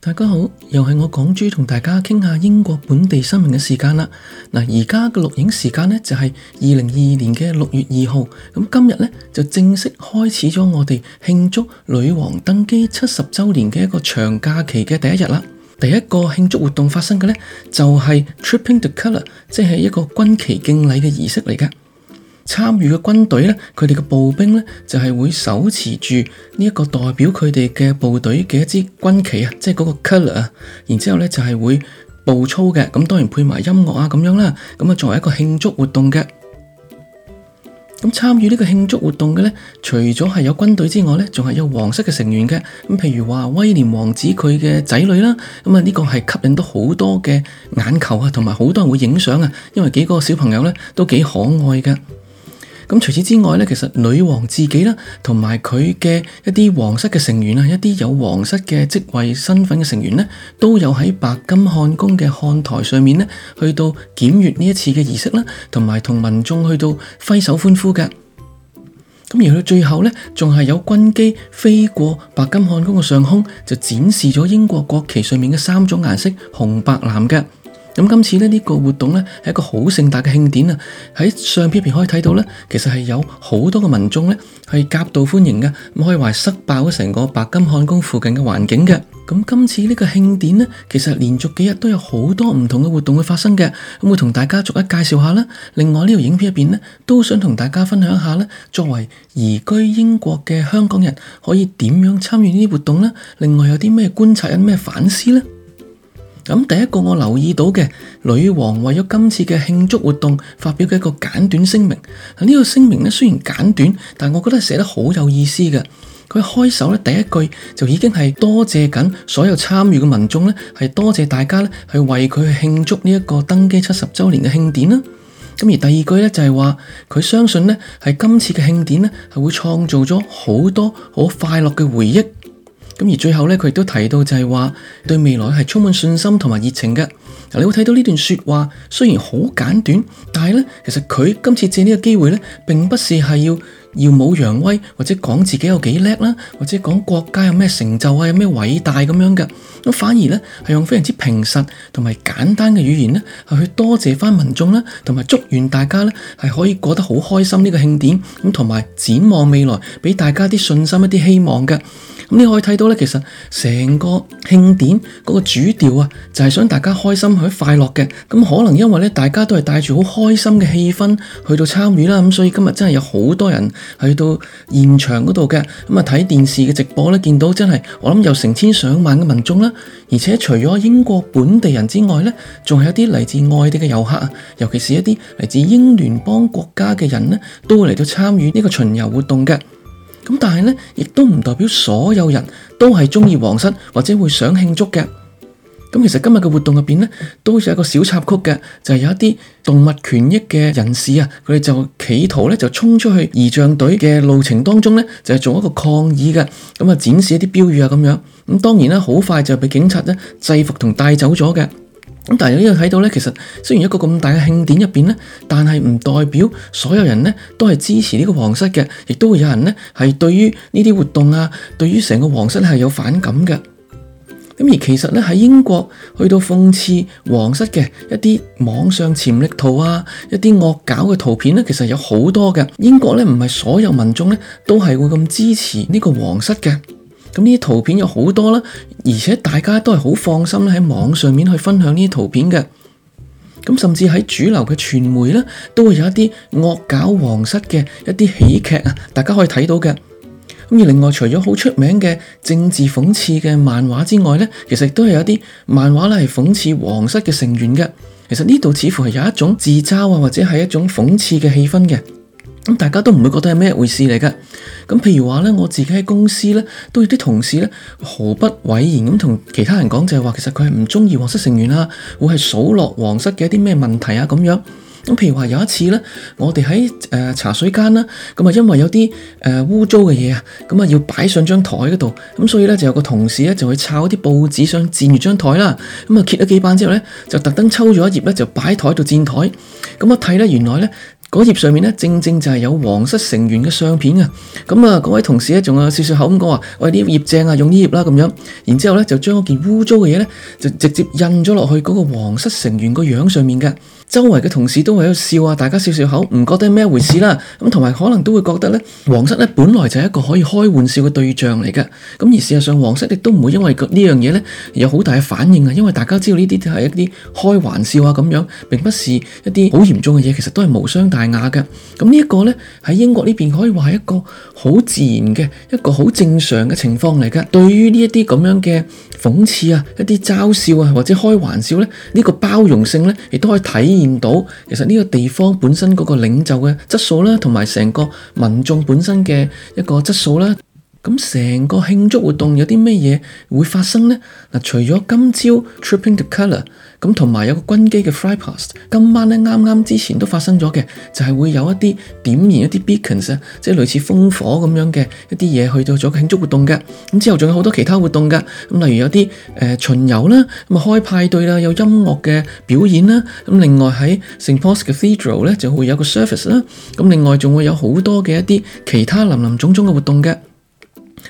大家好，又係我港豬同大家傾下英國本地新聞嘅時間啦。嗱，而家嘅錄影時間呢就係二零二二年嘅六月二號，咁今日呢就正式開始咗我哋慶祝女王登基七十周年嘅一個長假期嘅第一日啦。第一個慶祝活動發生嘅呢就係 Tripping the Colour，即係一個軍旗敬禮嘅儀式嚟㗎。參與嘅軍隊呢，佢哋嘅步兵呢就係會手持住呢一個代表佢哋嘅部隊嘅一支軍旗啊，即係嗰個 color 啊。然之後呢，就係會步操嘅，咁當然配埋音樂啊，咁樣啦。咁啊作為一個慶祝活動嘅，咁參與呢個慶祝活動嘅呢，除咗係有軍隊之外呢，仲係有皇室嘅成員嘅。咁譬如話威廉王子佢嘅仔女啦，咁啊呢個係吸引到好多嘅眼球啊，同埋好多人會影相啊，因為幾個小朋友呢都幾可愛噶。咁除此之外咧，其實女王自己啦，同埋佢嘅一啲皇室嘅成員啊，一啲有皇室嘅職位身份嘅成員咧，都有喺白金漢宮嘅看台上面咧，去到檢閱呢一次嘅儀式啦，同埋同民眾去到揮手歡呼嘅。咁去到最後咧，仲係有軍機飛過白金漢宮嘅上空，就展示咗英國國旗上面嘅三種顏色紅、白、藍嘅。咁今次咧，呢個活動咧，係一個好盛大嘅慶典啊！喺相片入邊可以睇到呢，其實係有好多嘅民眾呢係夾道歡迎嘅，可以話塞爆咗成個白金漢宮附近嘅環境嘅。咁今次呢個慶典呢，其實連續幾日都有好多唔同嘅活動會發生嘅，咁會同大家逐一介紹一下啦。另外呢條影片入面呢，都想同大家分享一下呢，作為移居英國嘅香港人，可以點樣參與呢啲活動呢？另外有啲咩觀察、有咩反思呢？咁第一個我留意到嘅，女王為咗今次嘅慶祝活動發表嘅一個簡短聲明，呢、這個聲明咧雖然簡短，但我覺得寫得好有意思嘅。佢開首咧第一句就已經係多謝緊所有參與嘅民眾呢係多謝大家呢係為佢去慶祝呢一個登基七十週年嘅慶典啦。咁而第二句呢，就係話佢相信呢係今次嘅慶典呢係會創造咗好多好快樂嘅回憶。咁而最後呢，佢亦都提到就係話對未來係充滿信心同埋熱情嘅。你會睇到呢段説話雖然好簡短，但係呢，其實佢今次借呢個機會呢，並不是係要耀武揚威或者講自己有幾叻啦，或者講國家有咩成就啊，有咩偉大咁樣嘅，咁反而咧係用非常之平實同埋簡單嘅語言咧，係去多謝翻民眾啦，同埋祝願大家咧係可以過得好開心呢個慶典，咁同埋展望未來，俾大家啲信心一啲希望嘅。咁你可以睇到咧，其實成個慶典嗰個主調啊，就係想大家開心去快樂嘅。咁可能因為咧大家都係帶住好開心嘅氣氛去到參與啦，咁所以今日真係有好多人。去到現場嗰度嘅咁啊，睇電視嘅直播咧，見到真係，我諗有成千上萬嘅民眾啦，而且除咗英國本地人之外咧，仲係一啲嚟自外地嘅遊客，尤其是一啲嚟自英聯邦國家嘅人咧，都會嚟到參與呢個巡遊活動嘅。咁但係咧，亦都唔代表所有人都係中意皇室或者會想慶祝嘅。咁其實今日嘅活動入面咧，都有一個小插曲嘅，就係有一啲動物權益嘅人士啊，佢哋就企圖呢，就衝出去儀仗隊嘅路程當中呢，就係做一個抗議嘅，咁啊展示一啲標語啊咁樣。咁當然咧，好快就俾警察呢，制服同帶走咗嘅。咁但係有啲人睇到呢，其實雖然一個咁大嘅慶典入面呢，但係唔代表所有人呢都係支持呢個皇室嘅，亦都會有人呢係對於呢啲活動啊，對於成個皇室係有反感嘅。咁而其實咧喺英國去到諷刺皇室嘅一啲網上潛力圖啊，一啲惡搞嘅圖片咧，其實有好多嘅。英國咧，唔係所有民眾咧都係會咁支持呢個皇室嘅。咁呢啲圖片有好多啦，而且大家都係好放心喺網上面去分享呢啲圖片嘅。咁甚至喺主流嘅傳媒咧都會有一啲惡搞皇室嘅一啲喜劇啊，大家可以睇到嘅。而另外，除咗好出名嘅政治諷刺嘅漫畫之外呢，其實都有一啲漫畫咧係諷刺皇室嘅成員嘅。其實呢度似乎係有一種自嘲啊，或者係一種諷刺嘅氣氛嘅。大家都唔會覺得係咩一回事嚟嘅。咁譬如話呢，我自己喺公司呢，都有啲同事呢毫不諱言咁同其他人講，就係、是、話其實佢係唔鍾意皇室成員啊，會係數落皇室嘅一啲咩問題啊咁樣。咁譬如話有一次咧，我哋喺誒茶水間啦，咁啊因為有啲誒污糟嘅嘢啊，咁啊要擺上張台嗰度，咁所以咧就有個同事咧就去抄啲報紙上墊住張台啦，咁啊揭咗幾版之後咧，就特登抽咗一頁咧就擺台度墊台，咁啊睇咧原來咧嗰頁上面咧正正就係有皇室成員嘅相片啊，咁啊嗰位同事咧仲有笑笑口咁講話：喂，呢頁正啊，用呢頁啦咁樣，然之後咧就將嗰件污糟嘅嘢咧就直接印咗落去嗰個皇室成員個樣上面嘅。周圍嘅同事都喺度笑啊，大家笑笑口，唔覺得係咩回事啦。咁同埋可能都會覺得咧，皇室咧本來就係一個可以開玩笑嘅對象嚟嘅。咁而事實上，皇室亦都唔會因為呢樣嘢咧有好大嘅反應啊。因為大家知道呢啲都係一啲開玩笑啊咁樣，並不是一啲好嚴重嘅嘢，其實都係無傷大雅嘅。咁、這個、呢一個咧喺英國呢邊可以話係一個好自然嘅一個好正常嘅情況嚟噶。對於呢一啲咁樣嘅諷刺啊、一啲嘲笑啊或者開玩笑咧，呢、這個包容性咧亦都可以睇。見到，其實呢個地方本身嗰個領袖嘅質素啦，同埋成個民眾本身嘅一個質素啦。咁成個慶祝活動有啲咩嘢會發生呢？除咗今朝 Tripping the Color 咁，同埋有個軍機嘅 Flypast，今晚呢啱啱之前都發生咗嘅，就係、是、會有一啲點燃一啲 b a c o n s 啊，即係類似烽火咁樣嘅一啲嘢去到咗慶祝活動嘅。咁之後仲有好多其他活動嘅，例如有啲誒巡遊啦，咁開派對啦，有音樂嘅表演啦，咁另外喺 St Pauls Cathedral 呢，就會有一個 Service 啦。咁另外仲會有好多嘅一啲其他林林總總嘅活動嘅。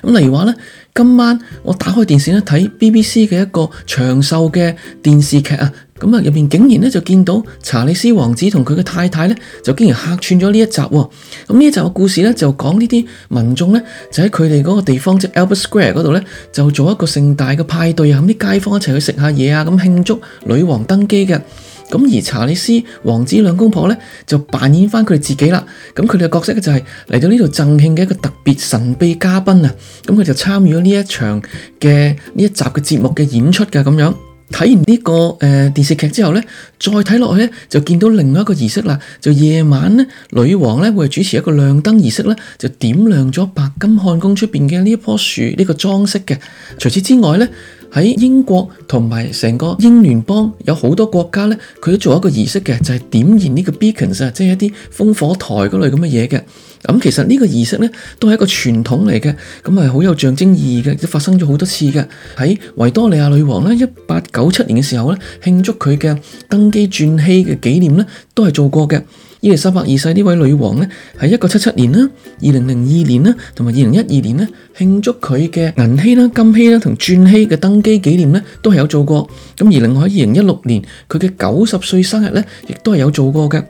例如話咧，今晚我打開電視咧睇 BBC 嘅一個長壽嘅電視劇啊，咁啊入面竟然咧就見到查理斯王子同佢嘅太太呢，就竟然客串咗呢一集喎。咁呢一集嘅故事咧就講呢啲民眾呢，就喺佢哋嗰個地方即 Albert Square 嗰度呢，就做一個盛大嘅派對啊，啲街坊一齊去食下嘢啊，咁慶祝女王登基嘅。咁而查理斯王子兩公婆咧就扮演翻佢哋自己啦，咁佢哋角色就係嚟到呢度贈慶嘅一個特別神秘嘉賓啊，咁佢就參與咗呢一場嘅呢一集嘅節目嘅演出噶咁樣。睇完呢、呢個誒、呃、電視劇之後呢，再睇落去咧就見到另外一個儀式啦，就夜晚呢，女王呢會主持一個亮燈儀式呢，就點亮咗白金漢宮出邊嘅呢一棵樹呢、呢個裝飾嘅。除此之外呢，喺英國同埋成個英聯邦有好多國家咧，佢都做一個儀式嘅，就係、是、點燃呢個 beacons 啊，即係一啲烽火台嗰類咁嘅嘢嘅。咁其實這個儀呢個儀式咧都係一個傳統嚟嘅，咁係好有象徵意義嘅，都發生咗好多次嘅。喺維多利亞女王咧，一八九七年嘅時候呢，慶祝佢嘅登基鑽禧嘅紀念呢，都係做過嘅。伊麗莎白二世呢位女王呢，喺一九七七年啦、二零零二年啦同埋二零一二年呢，慶祝佢嘅銀禧啦、金禧啦同鑽禧嘅登基紀念呢，都係有做過。咁而另外二零一六年佢嘅九十歲生日呢，亦都係有做過嘅。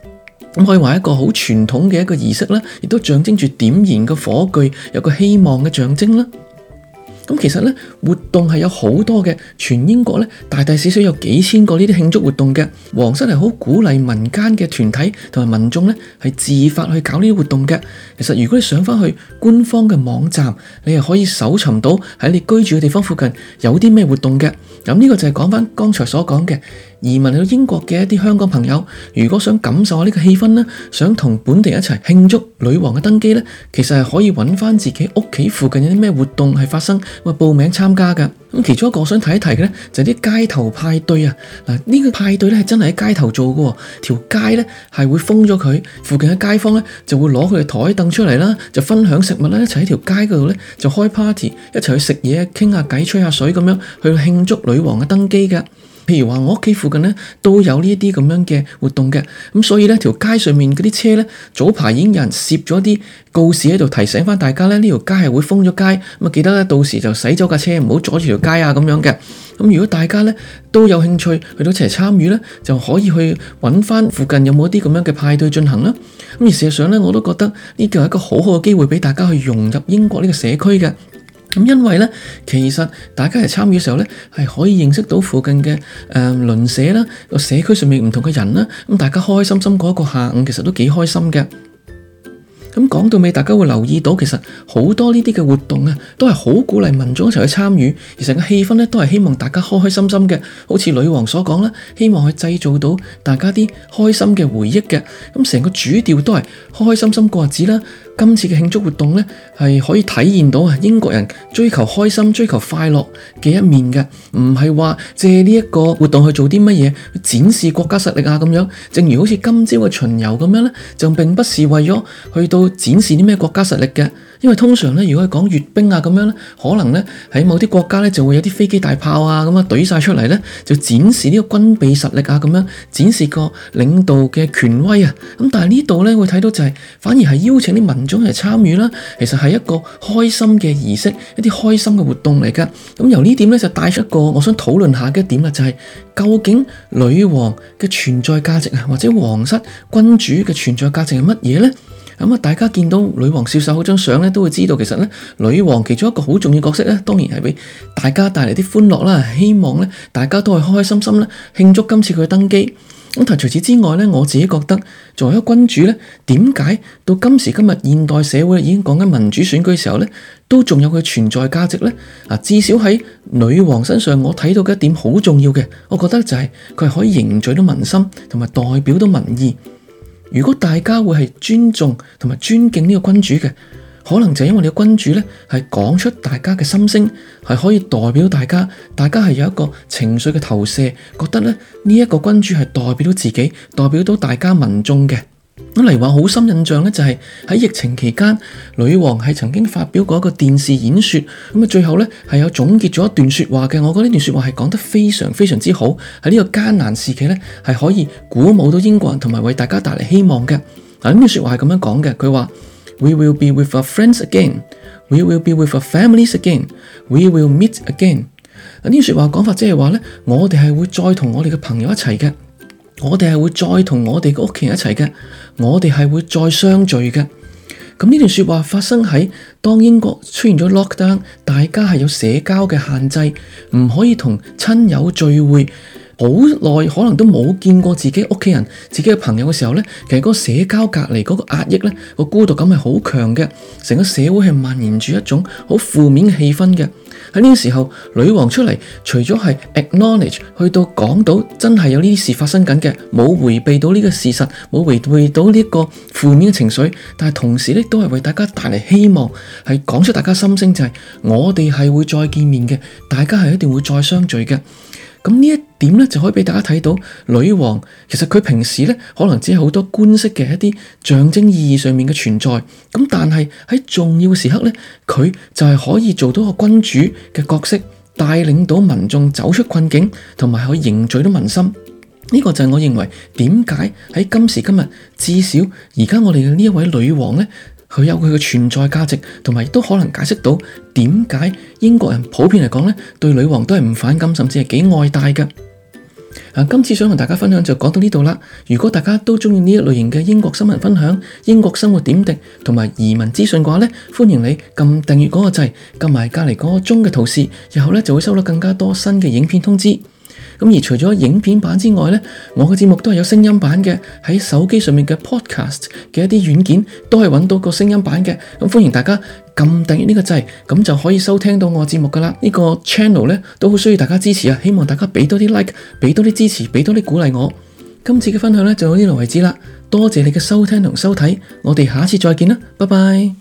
咁可以話一個好傳統嘅一個儀式啦，亦都象徵住點燃個火炬，有個希望嘅象徵啦。咁其實活動係有好多嘅，全英國咧大大小小有幾千個呢啲慶祝活動嘅。皇室係好鼓勵民間嘅團體同埋民眾呢，係自發去搞呢啲活動嘅。其實如果你上返去官方嘅網站，你係可以搜尋到喺你居住嘅地方附近有啲咩活動嘅。咁、這、呢個就係講返剛才所講嘅。移民去英國嘅一啲香港朋友，如果想感受下呢個氣氛呢，想同本地一齊慶祝女王嘅登基呢，其實係可以揾翻自己屋企附近有啲咩活動係發生，咪報名參加㗎。咁其中一個我想提一提嘅呢，就係啲街頭派對啊！嗱，呢個派對咧係真係喺街頭做嘅，條街呢係會封咗佢，附近嘅街坊呢就會攞佢嘅台凳出嚟啦，就分享食物啦，一齊喺條街嗰度咧就開 party，一齊去食嘢、傾下偈、吹下水咁樣去慶祝女王嘅登基嘅。譬如話我屋企附近咧都有呢一啲咁樣嘅活動嘅，咁所以呢條街上面嗰啲車呢，早排已經有人攝咗啲告示喺度提醒翻大家咧，呢條街係會封咗街，咁啊記得咧到時就駛咗架車唔好阻住條街啊咁樣嘅。咁、嗯、如果大家咧都有興趣去到一齊參與咧，就可以去揾翻附近有冇一啲咁樣嘅派對進行啦。咁、嗯、而事實上咧，我都覺得呢個係一個好好嘅機會俾大家去融入英國呢個社區嘅。咁因為咧，其實大家嚟參與嘅時候咧，係可以認識到附近嘅誒鄰舍啦，個、呃、社區上面唔同嘅人啦。咁大家開開心心過一個下午，其實都幾開心嘅。咁講到尾，大家會留意到，其實好多呢啲嘅活動啊，都係好鼓勵民眾一齊去參與，而成個氣氛咧，都係希望大家開開心心嘅。好似女王所講啦，希望去製造到大家啲開心嘅回憶嘅。咁成個主調都係開開心心過日子啦。今次嘅慶祝活動呢，係可以體驗到啊英國人追求開心、追求快樂嘅一面嘅，唔係話借呢一個活動去做啲乜嘢展示國家實力啊咁樣。正如好似今朝嘅巡遊咁樣呢，就並不是為咗去到展示啲咩國家實力嘅。因為通常咧，如果講閱兵啊咁樣咧，可能咧喺某啲國家咧就會有啲飛機大炮啊咁樣懟晒出嚟咧，就展示呢個軍備實力啊咁樣，展示個領導嘅權威啊。咁但係呢度咧會睇到就係反而係邀請啲民眾嚟參與啦，其實係一個開心嘅儀式，一啲開心嘅活動嚟噶。咁由呢點咧就帶出一個我想討論下嘅一點啦，就係究竟女王嘅存在價值啊，或者皇室君主嘅存在價值係乜嘢咧？大家見到女王攝首嗰張相咧，都會知道其實咧，女王其中一個好重要嘅角色咧，當然係俾大家帶嚟啲歡樂啦。希望咧，大家都係開開心心咧，慶祝今次佢嘅登基。但除此之外呢，我自己覺得作為一個君主呢，點解到今時今日現代社會已經講緊民主選舉嘅時候呢，都仲有佢嘅存在價值呢？啊，至少喺女王身上，我睇到嘅一點好重要嘅，我覺得就係佢係可以凝聚到民心同埋代表到民意。如果大家會係尊重同埋尊敬呢個君主嘅，可能就因為你嘅君主呢係講出大家嘅心聲，係可以代表大家，大家係有一個情緒嘅投射，覺得呢一個君主係代表到自己，代表到大家民眾嘅。咁嚟話好深印象咧，就係喺疫情期間，女王係曾經發表過一個電視演說，咁啊最後呢，係有總結咗一段說話嘅。我覺得呢段說話係講得非常非常之好，喺呢個艱難時期呢，係可以鼓舞到英國人，同埋為大家帶嚟希望嘅。嗱呢段說話係咁樣講嘅，佢話：We will be with our friends again, we will be with our families again, we will meet again。呢段說話嘅講法即係話咧，我哋係會再同我哋嘅朋友一齊嘅。我哋係會再同我哋個屋企人一齊嘅，我哋係會再相聚嘅。咁呢段說話發生喺當英國出現咗 lockdown，大家係有社交嘅限制，唔可以同親友聚會。好耐可能都冇見過自己屋企人、自己嘅朋友嘅時候呢，其實個社交隔離嗰個壓抑咧，個孤獨感係好強嘅，成個社會係蔓延住一種好負面嘅氣氛嘅。喺呢個時候，女王出嚟，除咗係 acknowledge 去到講到真係有呢啲事發生緊嘅，冇迴避到呢個事實，冇迴避到呢個負面嘅情緒，但係同時呢，都係為大家帶嚟希望，係講出大家心聲就係、是、我哋係會再見面嘅，大家係一定會再相聚嘅。咁呢一點呢，就可以俾大家睇到女王其實佢平時呢，可能只有好多官式嘅一啲象徵意義上面嘅存在。咁但係喺重要時刻呢，佢就係可以做到一個君主嘅角色，帶領到民眾走出困境，同埋去凝聚到民心。呢個就係我認為點解喺今時今日至少而家我哋嘅呢一位女王呢。佢有佢嘅存在價值，同埋亦都可能解釋到點解英國人普遍嚟講咧，對女王都係唔反感，甚至係幾愛戴嘅。啊，今次想同大家分享就講到呢度啦。如果大家都中意呢一類型嘅英國新聞分享、英國生活點滴同埋移民資訊嘅話呢，歡迎你撳訂閱嗰個掣，撳埋隔籬嗰個鐘嘅提示，日後咧就會收到更加多新嘅影片通知。咁而除咗影片版之外呢，我嘅節目都係有聲音版嘅。喺手機上面嘅 podcast 嘅一啲軟件都係揾到個聲音版嘅，咁，歡迎大家撳訂閱呢個掣，咁就可以收聽到我嘅節目㗎喇。這個、呢個 channel 呢都好需要大家支持啊，希望大家俾多啲 like，俾多啲支持，俾多啲鼓勵我。今次嘅分享呢就到呢度為止啦，多謝你嘅收聽同收睇，我哋下次再見啦，拜拜。